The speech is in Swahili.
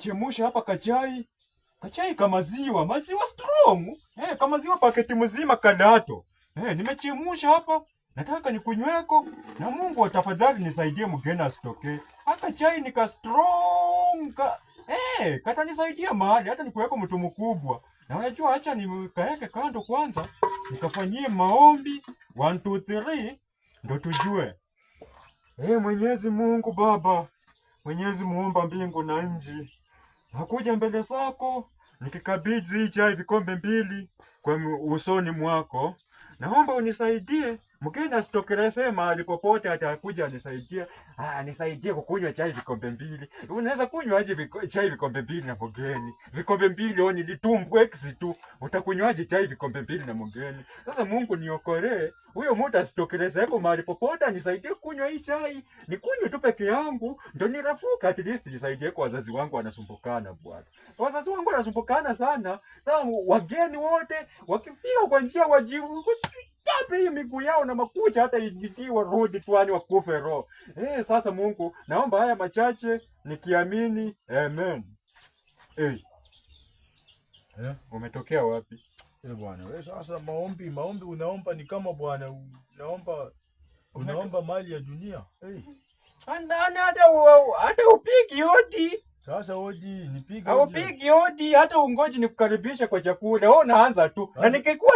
Chemusha hapa kachai kachai kamaziwa maziwa strong eh, kamaziwa paketi mzima kadato eh, nimechemusha hapa, nataka nikunyweko, na Mungu atafadhali nisaidie mgeni asitokee. Hata chai nika strong ka, eh, kata nisaidia mahali, hata nikuweko mtu mkubwa. Na unajua acha nikaeke kando kwanza, nikafanyie maombi 1 2 3 ndo tujue. Eh, Mwenyezi Mungu Baba Mwenyezi muumba mbingu na nchi, nakuja mbele zako nikikabidhi hii chai vikombe mbili kwa usoni mwako, naomba unisaidie Mkenya sitokeleze mahali popote, atakuja anisaidia, ah, nisaidie kukunywa chai vikombe mbili. Unaweza kunywa aje viko, chai vikombe mbili na mgeni? Vikombe mbili oni litumbu exit tu, utakunywaje chai vikombe mbili na mgeni? Sasa Mungu niokolee, huyo mtu asitokeleze hapo mahali popote, anisaidie kunywa hii chai, nikunywe tu peke yangu, ndio nirafuka, at least nisaidie kwa wazazi wangu wanasumbukana. Bwana, wazazi wangu wanasumbukana sana. Sasa wageni wote wakifika kwa njia wajibu wape hiyo miguu yao na makucha, hata ijitii warudi tuani wakufe roho. Eh, sasa Mungu, naomba haya machache nikiamini, amen. Eh, eh, umetokea wapi? Eh, bwana wewe, sasa maombi maombi unaomba ni kama bwana unaomba unaomba mali ya dunia eh. Andana hata hata upigi hodi sasa hodi nipiga. Au upigi hodi hata ungoji nikukaribisha kwa chakula, wewe unaanza tu na nikikua